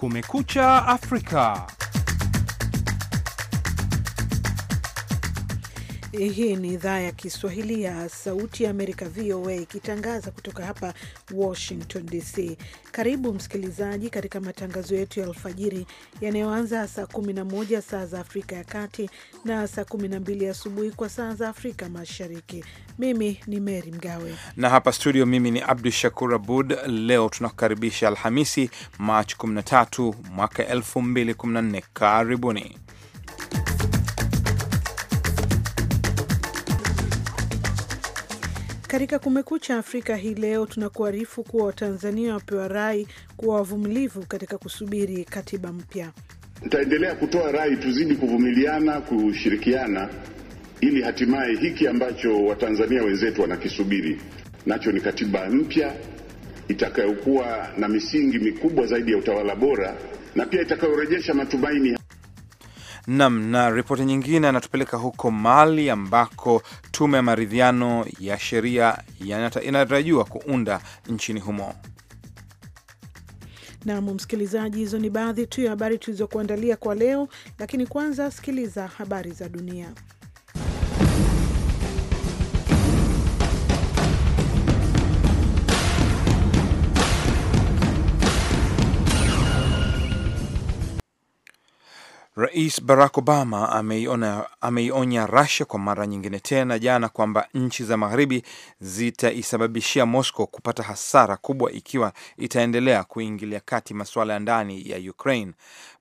Kumekucha Afrika. Hii ni idhaa ya Kiswahili ya Sauti ya Amerika, VOA, ikitangaza kutoka hapa Washington DC. Karibu msikilizaji katika matangazo yetu ya alfajiri yanayoanza saa 11 saa za Afrika ya Kati na saa 12 asubuhi kwa saa za Afrika Mashariki. Mimi ni Mary Mgawe na hapa studio, mimi ni Abdu Shakur Abud. Leo tunakukaribisha Alhamisi, Machi 13 mwaka 2014. Karibuni. Katika Kumekucha Afrika hii leo tunakuarifu kuwa Watanzania wapewa rai kuwa wavumilivu katika kusubiri katiba mpya. ntaendelea kutoa rai tuzidi kuvumiliana, kushirikiana ili hatimaye hiki ambacho Watanzania wenzetu wanakisubiri nacho ni katiba mpya itakayokuwa na misingi mikubwa zaidi ya utawala bora na pia itakayorejesha matumaini Nam na ripoti nyingine anatupeleka huko Mali ambako tume ya maridhiano ya sheria inatarajiwa kuunda nchini humo. Nam msikilizaji, hizo ni baadhi tu ya habari tulizokuandalia kwa leo, lakini kwanza sikiliza habari za dunia. Rais Barack Obama ameionya, ameionya Russia kwa mara nyingine tena jana kwamba nchi za magharibi zitaisababishia Moscow kupata hasara kubwa ikiwa itaendelea kuingilia kati masuala ya ndani ya Ukraine.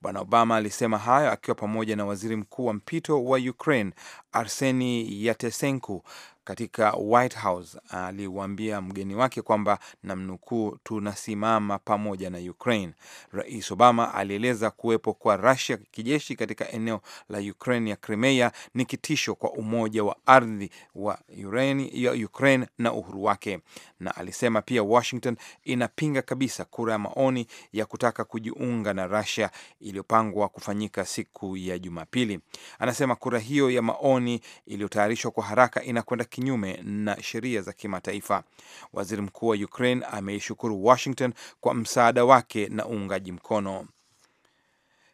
Bwana Obama alisema hayo akiwa pamoja na waziri mkuu wa mpito wa Ukraine Arseni Yatesenko katika White House aliwaambia mgeni wake kwamba namnukuu, tunasimama pamoja na Ukraine. Rais Obama alieleza kuwepo kwa Russia kijeshi katika eneo la Ukraine ya Crimea ni kitisho kwa umoja wa ardhi wa Ukraine na uhuru wake, na alisema pia Washington inapinga kabisa kura ya maoni ya kutaka kujiunga na Russia iliyopangwa kufanyika siku ya Jumapili. Anasema kura hiyo ya maoni iliyotayarishwa kwa haraka inakwenda kinyume na sheria za kimataifa. Waziri mkuu wa Ukraine ameishukuru Washington kwa msaada wake na uungaji mkono.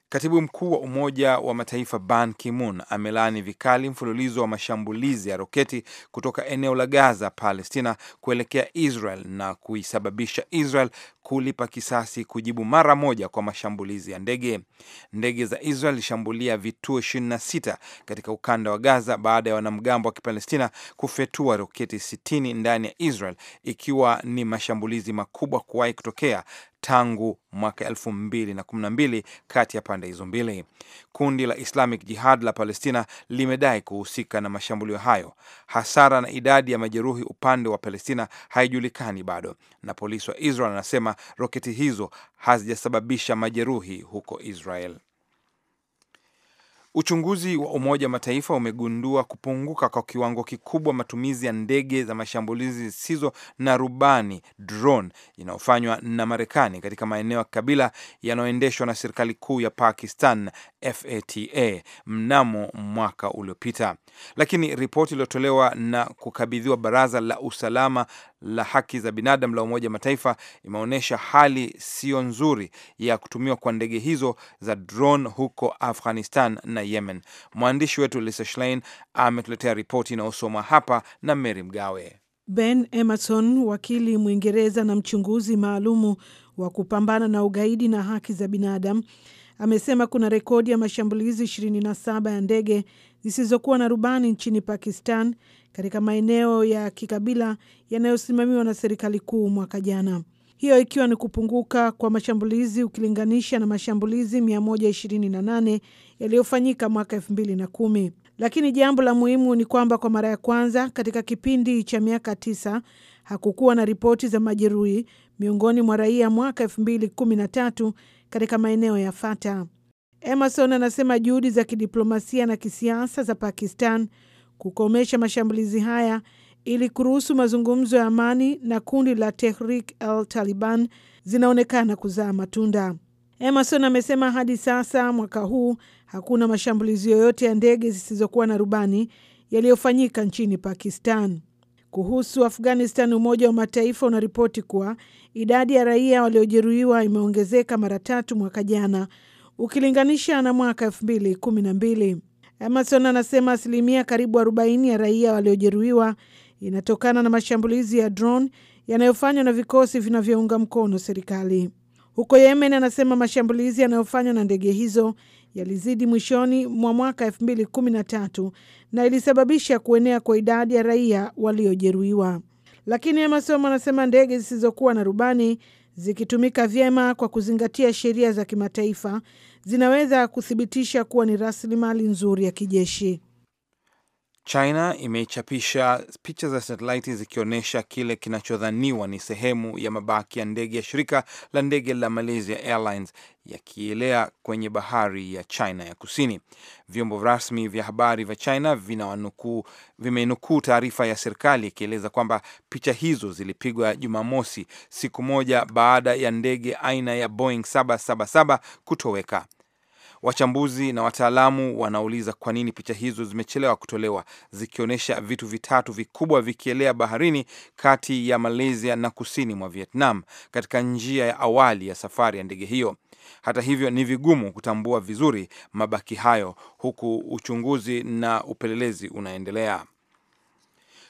Katibu mkuu wa Umoja wa Mataifa Ban Ki-moon amelaani vikali mfululizo wa mashambulizi ya roketi kutoka eneo la Gaza, Palestina, kuelekea Israel na kuisababisha Israel kulipa kisasi kujibu mara moja kwa mashambulizi ya ndege. Ndege za Israel ilishambulia vituo 26 katika ukanda wa Gaza baada ya wanamgambo wa Kipalestina kufetua roketi 60 ndani ya Israel, ikiwa ni mashambulizi makubwa kuwahi kutokea tangu mwaka elfu mbili na kumi na mbili kati ya pande hizo mbili. Kundi la Islamic Jihad la Palestina limedai kuhusika na mashambulio hayo. Hasara na idadi ya majeruhi upande wa Palestina haijulikani bado, na polisi wa Israel anasema roketi hizo hazijasababisha majeruhi huko Israel. Uchunguzi wa Umoja Mataifa umegundua kupunguka kwa kiwango kikubwa matumizi ya ndege za mashambulizi zisizo na rubani drone, inayofanywa na Marekani katika maeneo ya kabila yanayoendeshwa na serikali kuu ya Pakistan FATA mnamo mwaka uliopita, lakini ripoti iliyotolewa na kukabidhiwa Baraza la Usalama la haki za binadamu la Umoja Mataifa imeonyesha hali siyo nzuri ya kutumiwa kwa ndege hizo za drone huko Afghanistan na Yemen. Mwandishi wetu Lisa Schlein ametuletea ripoti inayosoma hapa na Mary Mgawe. Ben Emerson, wakili Mwingereza na mchunguzi maalumu wa kupambana na ugaidi na haki za binadamu amesema kuna rekodi ya mashambulizi 27 ya ndege zisizokuwa na rubani nchini Pakistan katika maeneo ya kikabila yanayosimamiwa na serikali kuu mwaka jana, hiyo ikiwa ni kupunguka kwa mashambulizi ukilinganisha na mashambulizi 128 yaliyofanyika mwaka 2010. Lakini jambo la muhimu ni kwamba kwa mara ya kwanza katika kipindi cha miaka tisa hakukuwa na ripoti za majeruhi miongoni mwa raia mwaka elfu mbili kumi na tatu katika maeneo ya Fata. Emerson anasema juhudi za kidiplomasia na kisiasa za Pakistan kukomesha mashambulizi haya ili kuruhusu mazungumzo ya amani na kundi la Tehrik al Taliban zinaonekana kuzaa matunda. Emerson amesema hadi sasa mwaka huu hakuna mashambulizi yoyote ya ndege zisizokuwa na rubani yaliyofanyika nchini Pakistan. Kuhusu Afghanistan, Umoja wa Mataifa unaripoti kuwa Idadi ya raia waliojeruhiwa imeongezeka mara tatu mwaka jana ukilinganisha na mwaka elfu mbili kumi na mbili. Emerson anasema asilimia karibu 40 ya raia waliojeruhiwa inatokana na mashambulizi ya drone yanayofanywa na vikosi vinavyounga mkono serikali. Huko Yemen, anasema mashambulizi yanayofanywa na ndege hizo yalizidi mwishoni mwa mwaka tatu na ilisababisha kuenea kwa idadi ya raia waliojeruhiwa. Lakini Emerson anasema ndege zisizokuwa na rubani zikitumika vyema kwa kuzingatia sheria za kimataifa zinaweza kuthibitisha kuwa ni rasilimali nzuri ya kijeshi. China imechapisha picha za satelaiti zikionyesha kile kinachodhaniwa ni sehemu ya mabaki ya ndege ya shirika la ndege la Malaysia Airlines yakielea kwenye bahari ya China ya Kusini. Vyombo rasmi vya habari vya China vinawanukuu, vimenukuu taarifa ya serikali ikieleza kwamba picha hizo zilipigwa Jumamosi, siku moja baada ya ndege aina ya Boeing 777 kutoweka. Wachambuzi na wataalamu wanauliza kwa nini picha hizo zimechelewa kutolewa zikionyesha vitu vitatu vikubwa vikielea baharini kati ya Malaysia na kusini mwa Vietnam katika njia ya awali ya safari ya ndege hiyo. Hata hivyo, ni vigumu kutambua vizuri mabaki hayo huku uchunguzi na upelelezi unaendelea.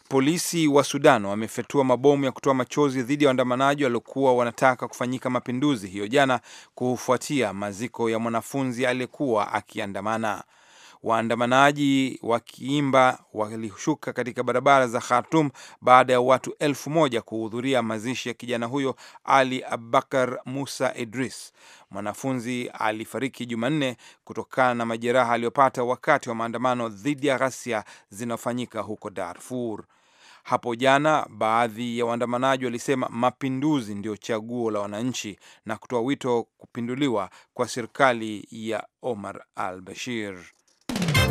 Polisi wa Sudan wamefyatua mabomu ya kutoa machozi dhidi ya waandamanaji waliokuwa wanataka kufanyika mapinduzi hiyo jana kufuatia maziko ya mwanafunzi aliyekuwa akiandamana. Waandamanaji wakiimba walishuka katika barabara za Khartum baada ya watu elfu moja kuhudhuria mazishi ya kijana huyo Ali Abubakar Musa Idris. Mwanafunzi alifariki Jumanne kutokana na majeraha aliyopata wakati wa maandamano dhidi ya ghasia zinayofanyika huko Darfur. Hapo jana baadhi ya waandamanaji walisema mapinduzi ndio chaguo la wananchi na kutoa wito kupinduliwa kwa serikali ya Omar al-Bashir.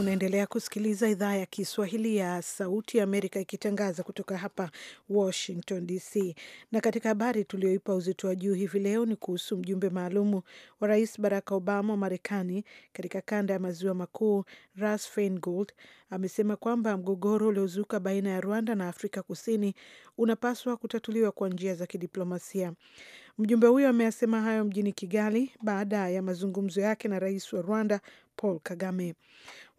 Unaendelea kusikiliza idhaa ya Kiswahili ya Sauti ya Amerika ikitangaza kutoka hapa Washington DC. Na katika habari tuliyoipa uzito wa juu hivi leo ni kuhusu mjumbe maalumu wa Rais Barack Obama wa Marekani katika kanda ya maziwa makuu, Russ Feingold amesema kwamba mgogoro uliozuka baina ya Rwanda na Afrika Kusini unapaswa kutatuliwa kwa njia za kidiplomasia. Mjumbe huyo ameyasema hayo mjini Kigali baada ya mazungumzo yake na rais wa Rwanda Paul Kagame.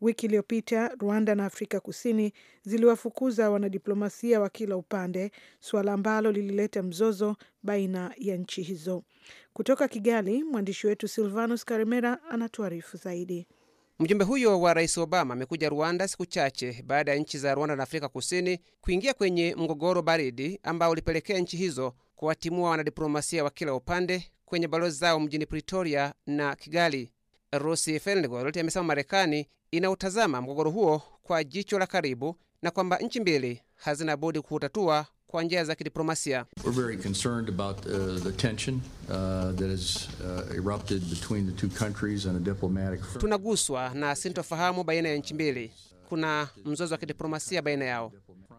Wiki iliyopita Rwanda na Afrika Kusini ziliwafukuza wanadiplomasia wa kila upande, suala ambalo lilileta mzozo baina ya nchi hizo. Kutoka Kigali, mwandishi wetu Silvanus Karimera anatuarifu zaidi. Mjumbe huyo wa Rais Obama amekuja Rwanda siku chache baada ya nchi za Rwanda na Afrika Kusini kuingia kwenye mgogoro baridi ambao ulipelekea nchi hizo kuwatimua wanadiplomasia wa kila upande kwenye balozi zao mjini Pretoria na Kigali. Rusi Felngold amesema Marekani inautazama mgogoro huo kwa jicho la karibu na kwamba nchi mbili hazina budi kuutatua kwa njia za kidiplomasia. Tunaguswa na sintofahamu baina ya nchi mbili. Kuna mzozo wa kidiplomasia baina yao.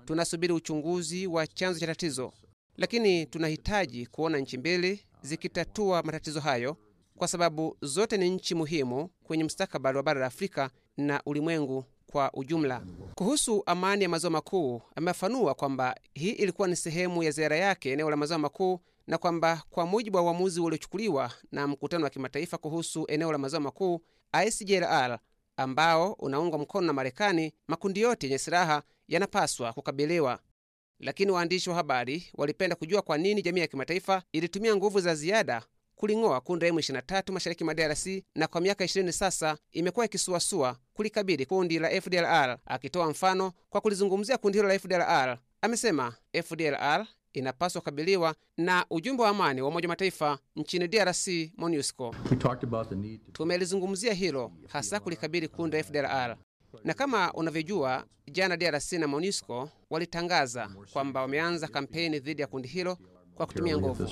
Tunasubiri uchunguzi wa chanzo cha tatizo, lakini tunahitaji kuona nchi mbili zikitatua matatizo hayo kwa sababu zote ni nchi muhimu kwenye mstakabali wa bara la Afrika na ulimwengu kwa ujumla. Kuhusu amani ya maziwa makuu, amefafanua kwamba hii ilikuwa ni sehemu ya ziara yake eneo la maziwa makuu na kwamba kwa mujibu wa uamuzi uliochukuliwa na mkutano wa kimataifa kuhusu eneo la maziwa makuu ICJLR, ambao unaungwa mkono na Marekani, makundi yote yenye silaha yanapaswa kukabiliwa. Lakini waandishi wa habari walipenda kujua kwa nini jamii ya kimataifa ilitumia nguvu za ziada kuling'oa kundi la M23 mashariki mwa DRC na kwa miaka 20 sasa imekuwa ikisuasua kulikabili kundi la FDLR. Akitoa mfano kwa kulizungumzia kundi hilo la FDLR, amesema FDLR inapaswa kukabiliwa na ujumbe wa amani wa Umoja Mataifa nchini DRC, MONUSCO. Tumelizungumzia hilo hasa kulikabili kundi la FDLR na kama unavyojua, jana DRC na MONUSCO walitangaza kwamba wameanza kampeni dhidi ya kundi hilo kwa kutumia nguvu.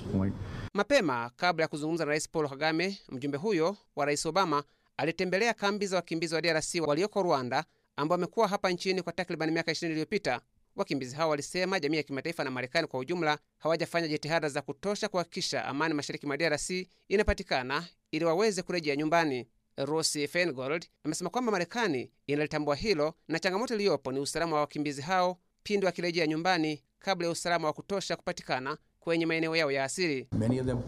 Mapema kabla ya kuzungumza na Rais Paul Kagame, mjumbe huyo wa Rais Obama alitembelea kambi za wakimbizi wa DRC walioko Rwanda ambao wamekuwa hapa nchini kwa takribani miaka 20 iliyopita. Wakimbizi hao walisema jamii ya kimataifa na Marekani kwa ujumla hawajafanya jitihada za kutosha kuhakikisha amani mashariki mwa DRC inapatikana ili waweze kurejea nyumbani. Rosi Feingold amesema kwamba Marekani inalitambua hilo na changamoto iliyopo ni usalama wa wakimbizi hao pindi wakirejea nyumbani kabla ya usalama wa kutosha kupatikana kwenye maeneo yao ya asili.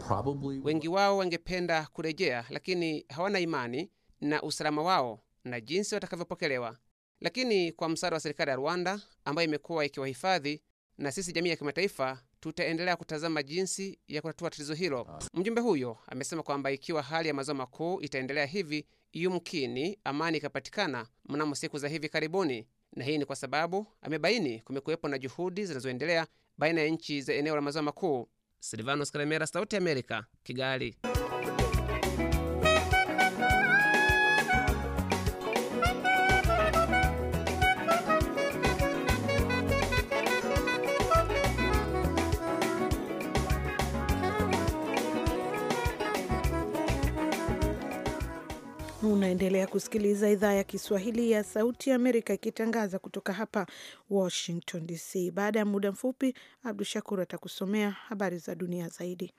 Probably... wengi wao wangependa kurejea, lakini hawana imani na usalama wao na jinsi watakavyopokelewa. Lakini kwa msaada wa serikali ya Rwanda ambayo imekuwa ikiwahifadhi, na sisi jamii ya kimataifa tutaendelea kutazama jinsi ya kutatua tatizo hilo. Mjumbe huyo amesema kwamba ikiwa hali ya maziwa makuu itaendelea hivi, yumkini amani ikapatikana mnamo siku za hivi karibuni, na hii ni kwa sababu amebaini kumekuwepo na juhudi zinazoendelea baina ya nchi za eneo la maziwa makuu. Silvanos Karemera, Sauti ya Amerika, Kigali. Unaendelea kusikiliza idhaa ya Kiswahili ya Sauti ya Amerika ikitangaza kutoka hapa Washington DC. Baada ya muda mfupi, Abdu Shakur atakusomea habari za dunia zaidi.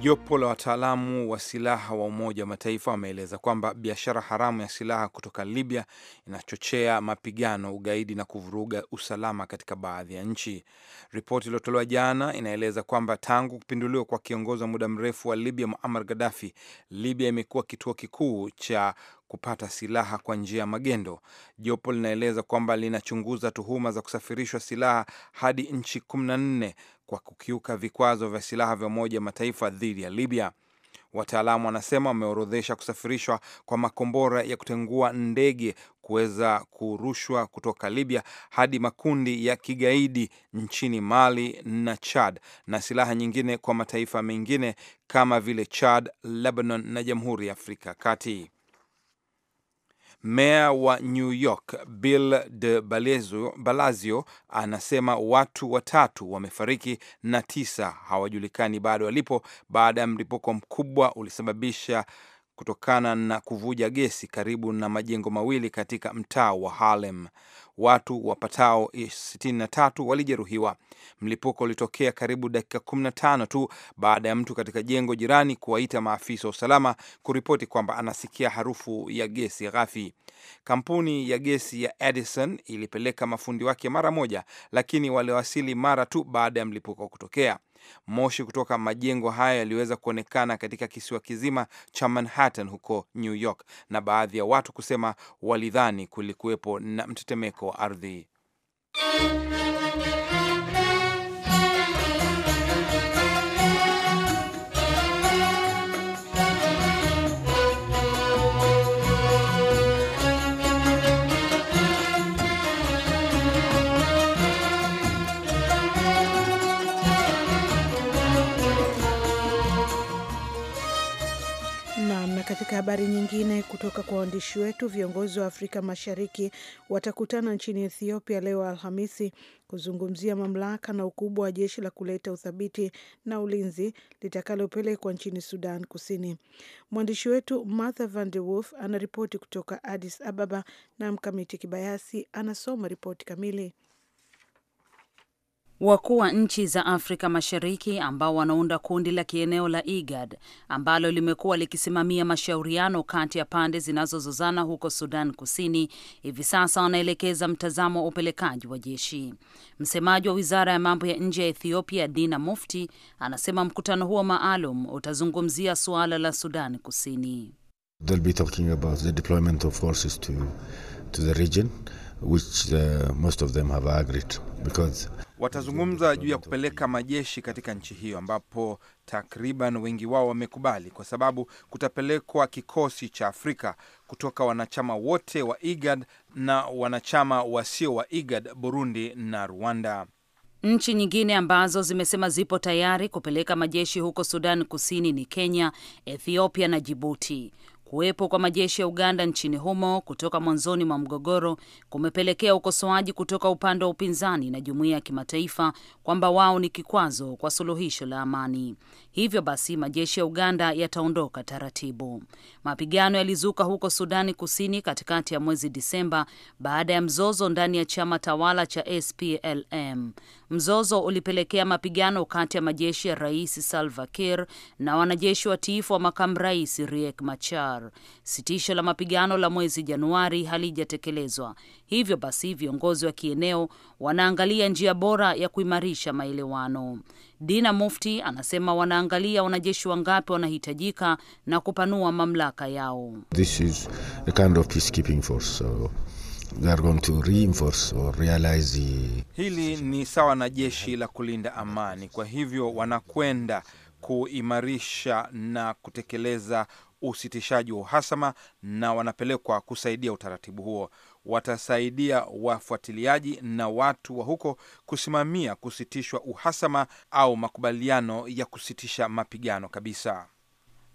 Jopo la wataalamu wa silaha wa Umoja wa Mataifa wameeleza kwamba biashara haramu ya silaha kutoka Libya inachochea mapigano, ugaidi na kuvuruga usalama katika baadhi ya nchi. Ripoti iliyotolewa jana inaeleza kwamba tangu kupinduliwa kwa kiongozi wa muda mrefu wa Libya Muammar Gaddafi, Libya imekuwa kituo kikuu cha kupata silaha kwa njia ya magendo. Jopo linaeleza kwamba linachunguza tuhuma za kusafirishwa silaha hadi nchi 14 kwa kukiuka vikwazo vya silaha vya Umoja Mataifa dhidi ya Libya. Wataalamu wanasema wameorodhesha kusafirishwa kwa makombora ya kutengua ndege kuweza kurushwa kutoka Libya hadi makundi ya kigaidi nchini Mali na Chad na silaha nyingine kwa mataifa mengine kama vile Chad, Lebanon na Jamhuri ya Afrika Kati. Meya wa New York Bill de Blasio anasema watu watatu wamefariki na tisa hawajulikani bado walipo baada ya mlipuko mkubwa ulisababisha kutokana na kuvuja gesi karibu na majengo mawili katika mtaa wa Harlem. Watu wapatao 63 walijeruhiwa. Mlipuko ulitokea karibu dakika 15 tu baada ya mtu katika jengo jirani kuwaita maafisa wa usalama kuripoti kwamba anasikia harufu ya gesi ghafi. Kampuni ya gesi ya Edison ilipeleka mafundi wake mara moja, lakini waliwasili mara tu baada ya mlipuko kutokea. Moshi kutoka majengo haya yaliweza kuonekana katika kisiwa kizima cha Manhattan huko New York, na baadhi ya watu kusema walidhani kulikuwepo na mtetemeko wa ardhi. kutoka kwa waandishi wetu. Viongozi wa Afrika Mashariki watakutana nchini Ethiopia leo Alhamisi kuzungumzia mamlaka na ukubwa wa jeshi la kuleta uthabiti na ulinzi litakalopelekwa nchini Sudan Kusini. Mwandishi wetu Martha Van de Wolf anaripoti kutoka Addis Ababa na Mkamiti Kibayasi anasoma ripoti kamili. Wakuu wa nchi za Afrika Mashariki ambao wanaunda kundi la kieneo la IGAD ambalo limekuwa likisimamia mashauriano kati ya pande zinazozozana huko Sudan Kusini hivi sasa wanaelekeza mtazamo wa upelekaji wa jeshi. Msemaji wa wizara ya mambo ya nje ya Ethiopia, Dina Mufti, anasema mkutano huo maalum utazungumzia suala la Sudan Kusini watazungumza juu ya kupeleka majeshi katika nchi hiyo, ambapo takriban wengi wao wamekubali, kwa sababu kutapelekwa kikosi cha Afrika kutoka wanachama wote wa IGAD na wanachama wasio wa IGAD, Burundi na Rwanda. Nchi nyingine ambazo zimesema zipo tayari kupeleka majeshi huko Sudan Kusini ni Kenya, Ethiopia na Jibuti. Kuwepo kwa majeshi ya Uganda nchini humo kutoka mwanzoni mwa mgogoro kumepelekea ukosoaji kutoka upande wa upinzani na jumuiya ya kimataifa kwamba wao ni kikwazo kwa suluhisho la amani. Hivyo basi majeshi ya Uganda yataondoka taratibu. Mapigano yalizuka huko Sudani Kusini katikati ya mwezi Disemba baada ya mzozo ndani ya chama tawala cha SPLM. Mzozo ulipelekea mapigano kati ya majeshi ya Rais Salva Kiir na wanajeshi watiifu wa makamu rais Riek Machar. Qatar. Sitisho la mapigano la mwezi Januari halijatekelezwa, hivyo basi viongozi wa kieneo wanaangalia njia bora ya kuimarisha maelewano. Dina Mufti anasema wanaangalia wanajeshi wangapi wanahitajika na kupanua mamlaka yao. This is a kind of peacekeeping force, so they are going to reinforce or realize the... Hili ni sawa na jeshi la kulinda amani, kwa hivyo wanakwenda kuimarisha na kutekeleza usitishaji wa uhasama na wanapelekwa kusaidia utaratibu huo. Watasaidia wafuatiliaji na watu wa huko kusimamia kusitishwa uhasama au makubaliano ya kusitisha mapigano kabisa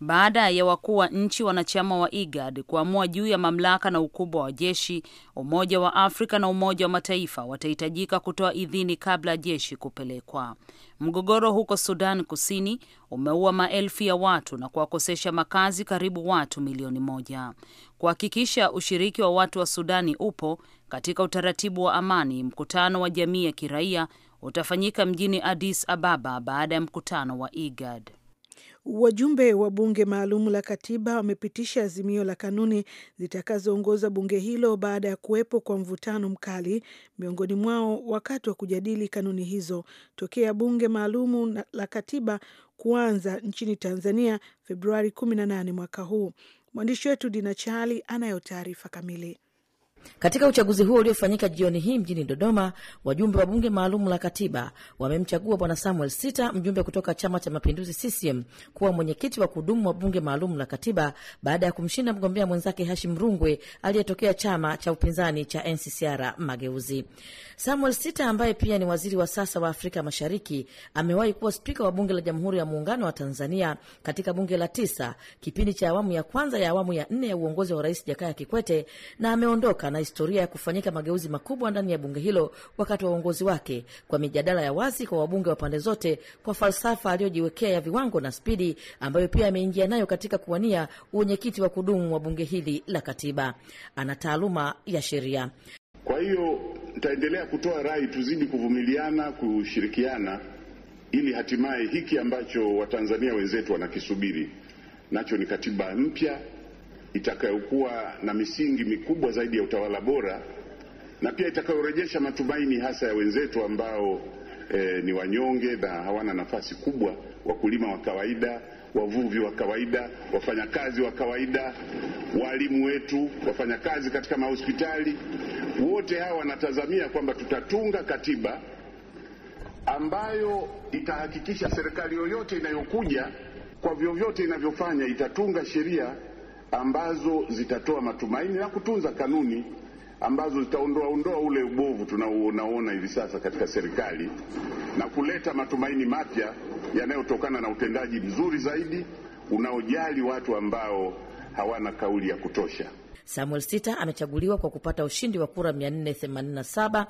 baada ya wakuu wa nchi wanachama wa IGAD kuamua juu ya mamlaka na ukubwa wa jeshi. Umoja wa Afrika na Umoja wa Mataifa watahitajika kutoa idhini kabla ya jeshi kupelekwa. Mgogoro huko Sudan Kusini umeua maelfu ya watu na kuwakosesha makazi karibu watu milioni moja. Kuhakikisha ushiriki wa watu wa Sudani upo katika utaratibu wa amani, mkutano wa jamii ya kiraia utafanyika mjini Addis Ababa baada ya mkutano wa IGAD. Wajumbe wa bunge maalum la katiba wamepitisha azimio la kanuni zitakazoongoza bunge hilo baada ya kuwepo kwa mvutano mkali miongoni mwao wakati wa kujadili kanuni hizo tokea bunge maalum la katiba kuanza nchini Tanzania Februari 18 mwaka huu. Mwandishi wetu Dina Chali anayo taarifa kamili. Katika uchaguzi huo uliofanyika jioni hii mjini Dodoma, wajumbe wa bunge maalum la katiba wamemchagua Bwana Samuel Sita, mjumbe kutoka Chama cha Mapinduzi CCM, kuwa mwenyekiti wa kudumu wa bunge maalum la katiba baada ya kumshinda mgombea mwenzake Hashim Rungwe aliyetokea chama cha upinzani cha NCCR Mageuzi. Samuel Sita ambaye pia ni waziri wa sasa wa Afrika Mashariki amewahi kuwa spika wa bunge la Jamhuri ya Muungano wa Tanzania katika bunge la tisa, kipindi cha awamu ya kwanza ya awamu ya nne ya uongozi wa Rais Jakaya Kikwete, na ameondoka ana historia ya kufanyika mageuzi makubwa ndani ya bunge hilo wakati wa uongozi wake, kwa mijadala ya wazi kwa wabunge wa pande zote, kwa falsafa aliyojiwekea ya viwango na spidi ambayo pia ameingia nayo katika kuwania uwenyekiti wa kudumu wa bunge hili la katiba. Ana taaluma ya sheria. Kwa hiyo nitaendelea kutoa rai, tuzidi kuvumiliana, kushirikiana ili hatimaye hiki ambacho Watanzania wenzetu wanakisubiri nacho ni katiba mpya itakayokuwa na misingi mikubwa zaidi ya utawala bora na pia itakayorejesha matumaini hasa ya wenzetu ambao eh, ni wanyonge na hawana nafasi kubwa, wakulima wa kawaida, wavuvi wa kawaida, wafanyakazi wa kawaida, walimu wetu, wafanyakazi katika mahospitali, wote hawa wanatazamia kwamba tutatunga katiba ambayo itahakikisha serikali yoyote inayokuja kwa vyovyote inavyofanya itatunga sheria ambazo zitatoa matumaini na kutunza kanuni ambazo zitaondoa ondoa ule ubovu tunaoona hivi sasa katika serikali na kuleta matumaini mapya yanayotokana na utendaji mzuri zaidi unaojali watu ambao hawana kauli ya kutosha. Samuel Sita amechaguliwa kwa kupata ushindi wa kura 487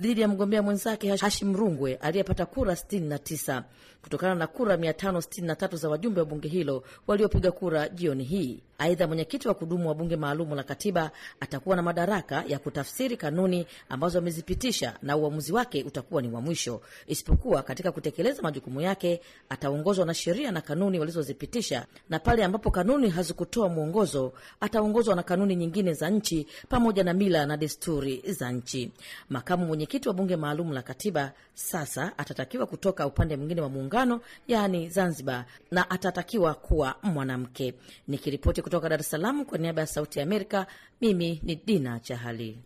dhidi ya mgombea mwenzake Hashim Rungwe aliyepata kura 69 kutokana na kura 563 za wajumbe wa bunge hilo waliopiga kura jioni hii. Aidha, mwenyekiti wa kudumu wa bunge maalum la katiba atakuwa na madaraka ya kutafsiri kanuni ambazo amezipitisha na uamuzi wake utakuwa ni wa mwisho, isipokuwa katika kutekeleza majukumu yake ataongozwa na sheria na kanuni walizozipitisha, na pale ambapo kanuni hazikutoa mwongozo ataongozwa na kanuni nyingine za nchi pamoja na mila na desturi za nchi. Makamu mwenyekiti wa bunge maalum la katiba sasa atatakiwa kutoka upande mwingine wa muungano, yaani Zanzibar, na atatakiwa kuwa mwanamke. Nikiripoti kutoka Dar es Salaam kwa niaba ya Sauti ya Amerika, mimi ni Dina Chahali.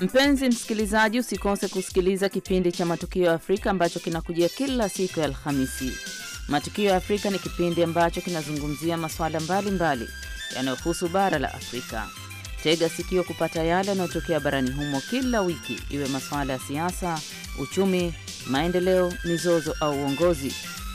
Mpenzi msikilizaji, usikose kusikiliza kipindi cha Matukio ya Afrika ambacho kinakujia kila siku ya Alhamisi. Matukio ya Afrika ni kipindi ambacho kinazungumzia masuala mbalimbali yanayohusu bara la Afrika. Tega sikio kupata yale yanayotokea barani humo kila wiki, iwe masuala ya siasa, uchumi, maendeleo, mizozo au uongozi.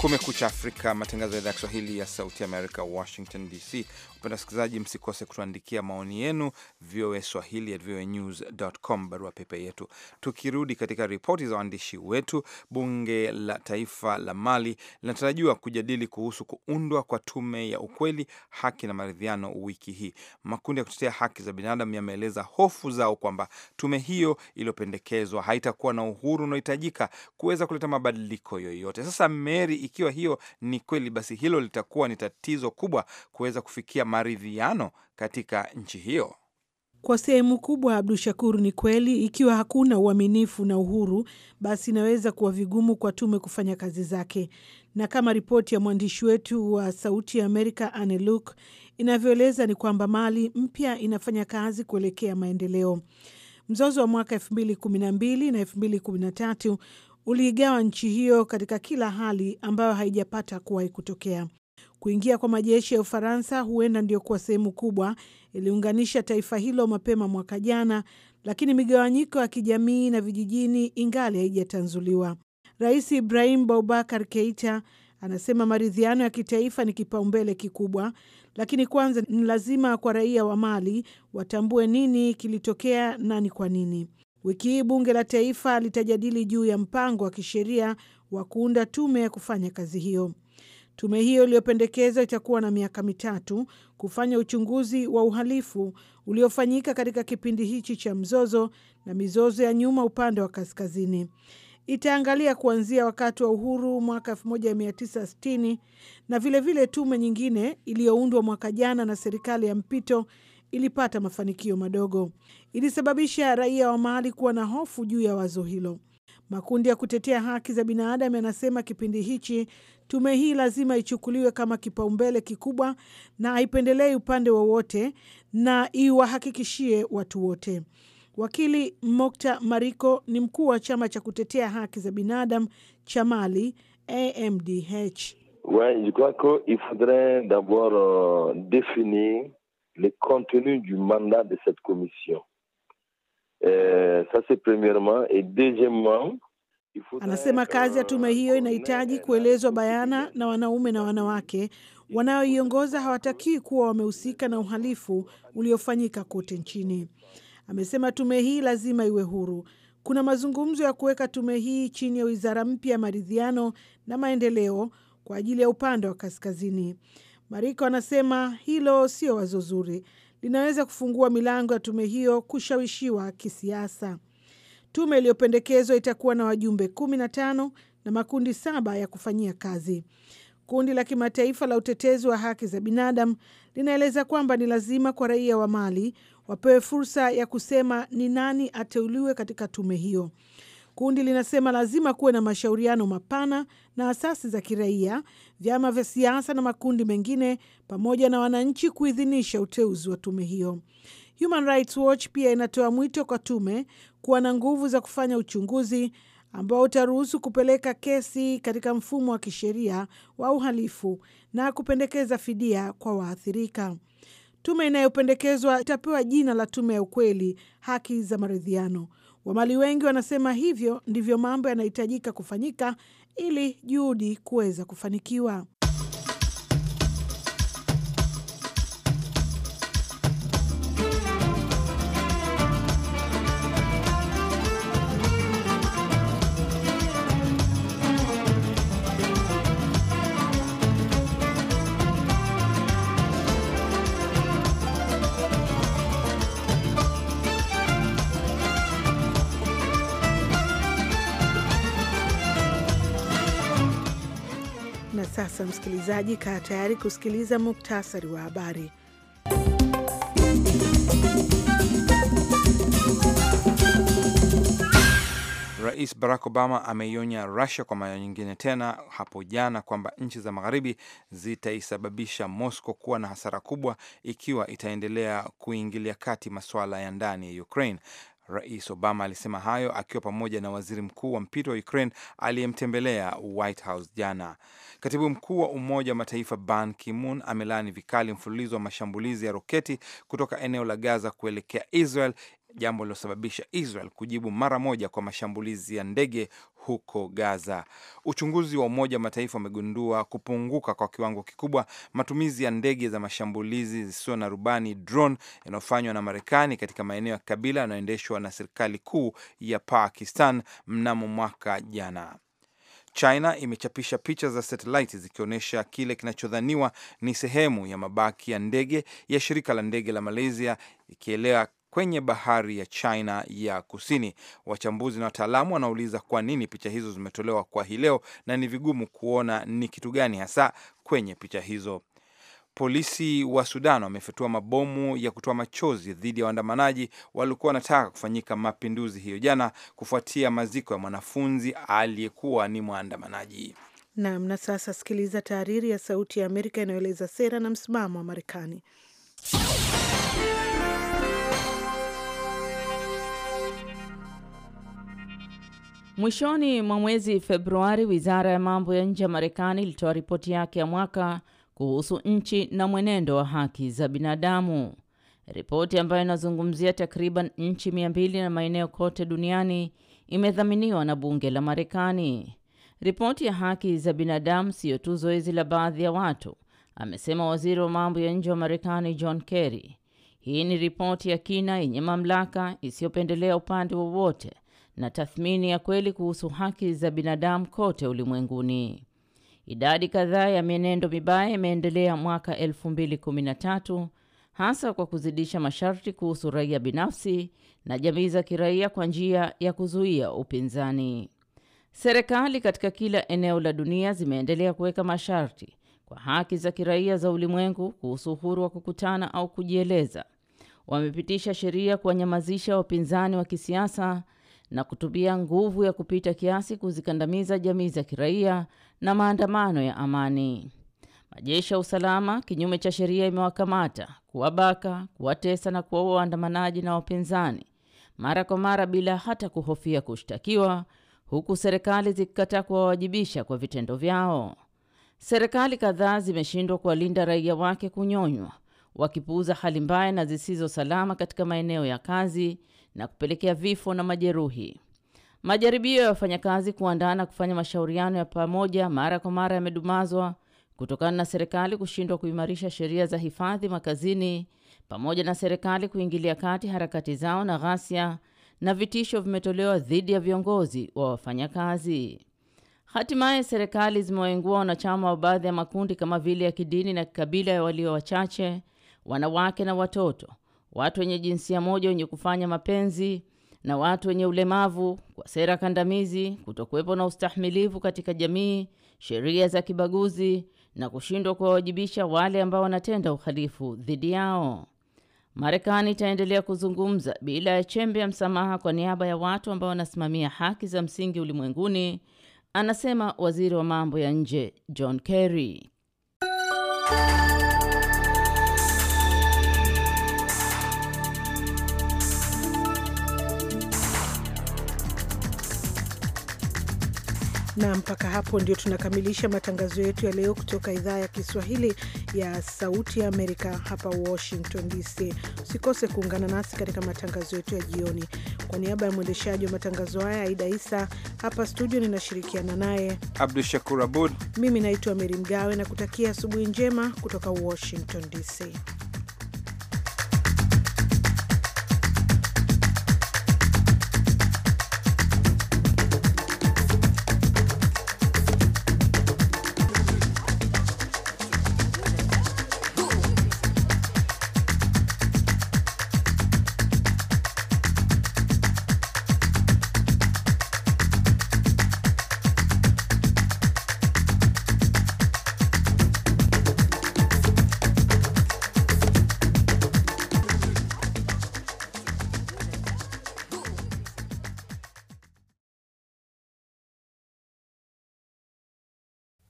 Kumekucha Afrika, matangazo ya idhaa ya Kiswahili ya Sauti Amerika, Washington DC. Upenda wasikilizaji, msikose kutuandikia maoni yenu VOA swahili at news.com, barua pepe yetu. Tukirudi katika ripoti za waandishi wetu, bunge la taifa la Mali linatarajiwa kujadili kuhusu kuundwa kwa tume ya ukweli, haki na maridhiano wiki hii. Makundi ya kutetea haki za binadamu yameeleza hofu zao kwamba tume hiyo iliyopendekezwa haitakuwa na uhuru unaohitajika kuweza kuleta mabadiliko yoyote. Sasa Mary ikiwa hiyo ni kweli, basi hilo litakuwa ni tatizo kubwa kuweza kufikia maridhiano katika nchi hiyo. Kwa sehemu kubwa, Abdu Shakur, ni kweli, ikiwa hakuna uaminifu na uhuru, basi inaweza kuwa vigumu kwa tume kufanya kazi zake, na kama ripoti ya mwandishi wetu wa Sauti ya Amerika Anne Luke inavyoeleza ni kwamba Mali mpya inafanya kazi kuelekea maendeleo. Mzozo wa mwaka elfu mbili kumi na mbili na elfu mbili kumi na tatu uliigawa nchi hiyo katika kila hali ambayo haijapata kuwahi kutokea. Kuingia kwa majeshi ya Ufaransa huenda ndiyo kuwa sehemu kubwa iliunganisha taifa hilo mapema mwaka jana, lakini migawanyiko ya kijamii na vijijini ingali haijatanzuliwa. Rais Ibrahim Boubacar Keita anasema maridhiano ya kitaifa ni kipaumbele kikubwa, lakini kwanza ni lazima kwa raia wa Mali watambue nini kilitokea na ni kwa nini. Wiki hii bunge la taifa litajadili juu ya mpango wa kisheria wa kuunda tume ya kufanya kazi hiyo. Tume hiyo iliyopendekezwa itakuwa na miaka mitatu kufanya uchunguzi wa uhalifu uliofanyika katika kipindi hichi cha mzozo na mizozo ya nyuma upande wa kaskazini. Itaangalia kuanzia wakati wa uhuru mwaka 1960 na vilevile vile tume nyingine iliyoundwa mwaka jana na serikali ya mpito ilipata mafanikio madogo. Ilisababisha raia wa Mali kuwa na hofu juu ya wazo hilo. Makundi ya kutetea haki za binadamu yanasema kipindi hichi tume hii lazima ichukuliwe kama kipaumbele kikubwa na haipendelei upande wowote na iwahakikishie watu wote. Wakili Mokta Mariko ni mkuu wa chama cha kutetea haki za binadamu cha Mali, AMDH. Ouais, je crois qu'il faudrait d'abord euh, définir le contenu du mandat de cette commission. Euh, ça c'est premièrement et deuxièmement Anasema kazi ya tume hiyo inahitaji kuelezwa bayana na wanaume na wanawake wanaoiongoza hawatakii kuwa wamehusika na uhalifu uliofanyika kote nchini. Amesema tume hii lazima iwe huru. Kuna mazungumzo ya kuweka tume hii chini ya wizara mpya ya maridhiano na maendeleo kwa ajili ya upande wa kaskazini. Mariko anasema hilo sio wazo zuri, linaweza kufungua milango ya tume hiyo kushawishiwa kisiasa. Tume iliyopendekezwa itakuwa na wajumbe kumi na tano na makundi saba ya kufanyia kazi. Kundi la kimataifa la utetezi wa haki za binadamu linaeleza kwamba ni lazima kwa raia wa Mali wapewe fursa ya kusema ni nani ateuliwe katika tume hiyo. Kundi linasema lazima kuwe na mashauriano mapana na asasi za kiraia, vyama vya siasa na makundi mengine, pamoja na wananchi kuidhinisha uteuzi wa tume hiyo. Human Rights Watch pia inatoa mwito kwa tume kuwa na nguvu za kufanya uchunguzi ambao utaruhusu kupeleka kesi katika mfumo wa kisheria wa uhalifu na kupendekeza fidia kwa waathirika. Tume inayopendekezwa itapewa jina la Tume ya Ukweli, Haki za Maridhiano, Wamali wengi wanasema hivyo ndivyo mambo yanahitajika kufanyika ili juhudi kuweza kufanikiwa. msikilizaji, kaa tayari kusikiliza muktasari wa habari. Rais Barack Obama ameionya Rusia kwa mara nyingine tena hapo jana kwamba nchi za magharibi zitaisababisha Moscow kuwa na hasara kubwa ikiwa itaendelea kuingilia kati masuala ya ndani ya Ukraine. Rais Obama alisema hayo akiwa pamoja na waziri mkuu wa mpito wa Ukraine aliyemtembelea White House jana. Katibu mkuu wa Umoja wa Mataifa Ban Ki-moon amelaani vikali mfululizo wa mashambulizi ya roketi kutoka eneo la Gaza kuelekea Israel, jambo lililosababisha Israel kujibu mara moja kwa mashambulizi ya ndege huko Gaza. Uchunguzi wa Umoja wa Mataifa umegundua kupunguka kwa kiwango kikubwa matumizi ya ndege za mashambulizi zisizo na rubani drone yanayofanywa na Marekani katika maeneo ya kabila yanayoendeshwa na serikali kuu ya Pakistan mnamo mwaka jana. China imechapisha picha za satelaiti zikionyesha kile kinachodhaniwa ni sehemu ya mabaki ya ndege ya shirika la ndege la Malaysia ikielea kwenye bahari ya China ya Kusini. Wachambuzi na wataalamu wanauliza kwa nini picha hizo zimetolewa kwa hii leo na ni vigumu kuona ni kitu gani hasa kwenye picha hizo. Polisi wa Sudan wamefyatua mabomu ya kutoa machozi dhidi ya waandamanaji waliokuwa wanataka kufanyika mapinduzi hiyo jana kufuatia maziko ya mwanafunzi aliyekuwa ni mwandamanaji. Naam, na sasa sikiliza tahariri ya Sauti ya Amerika inayoeleza sera na msimamo wa Marekani. Mwishoni mwa mwezi Februari, wizara ya mambo ya nje ya Marekani ilitoa ripoti yake ya mwaka kuhusu nchi na mwenendo wa haki za binadamu, ripoti ambayo inazungumzia takriban nchi mia mbili na maeneo kote duniani. Imedhaminiwa na bunge la Marekani. Ripoti ya haki za binadamu siyo tu zoezi la baadhi ya watu, amesema waziri wa mambo ya nje wa Marekani John Kerry. Hii ni ripoti ya kina yenye mamlaka isiyopendelea upande wowote na tathmini ya kweli kuhusu haki za binadamu kote ulimwenguni. Idadi kadhaa ya mienendo mibaya imeendelea mwaka 2013 hasa kwa kuzidisha masharti kuhusu raia binafsi na jamii za kiraia kwa njia ya kuzuia upinzani. Serikali katika kila eneo la dunia zimeendelea kuweka masharti kwa haki za kiraia za ulimwengu kuhusu uhuru wa kukutana au kujieleza. Wamepitisha sheria kuwanyamazisha wapinzani wa kisiasa na kutumia nguvu ya kupita kiasi kuzikandamiza jamii za kiraia na maandamano ya amani. Majeshi ya usalama kinyume cha sheria imewakamata, kuwabaka, kuwatesa na kuwaua waandamanaji na wapinzani mara kwa mara bila hata kuhofia kushtakiwa, huku serikali zikikataa kuwawajibisha kwa vitendo vyao. Serikali kadhaa zimeshindwa kuwalinda raia wake kunyonywa, wakipuuza hali mbaya na zisizo salama katika maeneo ya kazi na kupelekea vifo na majeruhi. Majaribio ya wafanyakazi kuandaa na kufanya mashauriano ya pamoja mara kwa mara yamedumazwa kutokana na serikali kushindwa kuimarisha sheria za hifadhi makazini, pamoja na serikali kuingilia kati harakati zao, na ghasia na vitisho vimetolewa dhidi ya viongozi wa wafanyakazi. Hatimaye serikali zimewaingua wanachama wa baadhi ya makundi kama vile ya kidini na kikabila ya walio wachache, wanawake na watoto, watu wenye jinsia moja wenye kufanya mapenzi na watu wenye ulemavu, kwa sera kandamizi, kutokuwepo na ustahimilivu katika jamii, sheria za kibaguzi na kushindwa kuwawajibisha wale ambao wanatenda uhalifu dhidi yao. Marekani itaendelea kuzungumza bila ya chembe ya msamaha kwa niaba ya watu ambao wanasimamia haki za msingi ulimwenguni, anasema waziri wa mambo ya nje John Kerry. na mpaka hapo ndio tunakamilisha matangazo yetu ya leo kutoka idhaa ya Kiswahili ya Sauti ya Amerika hapa Washington DC. Usikose kuungana nasi katika matangazo yetu ya jioni. Kwa niaba ya mwendeshaji wa matangazo haya Aida Isa, hapa studio ninashirikiana naye Abdu Shakur Abud. Mimi naitwa Meri Mgawe na kutakia asubuhi njema kutoka Washington DC.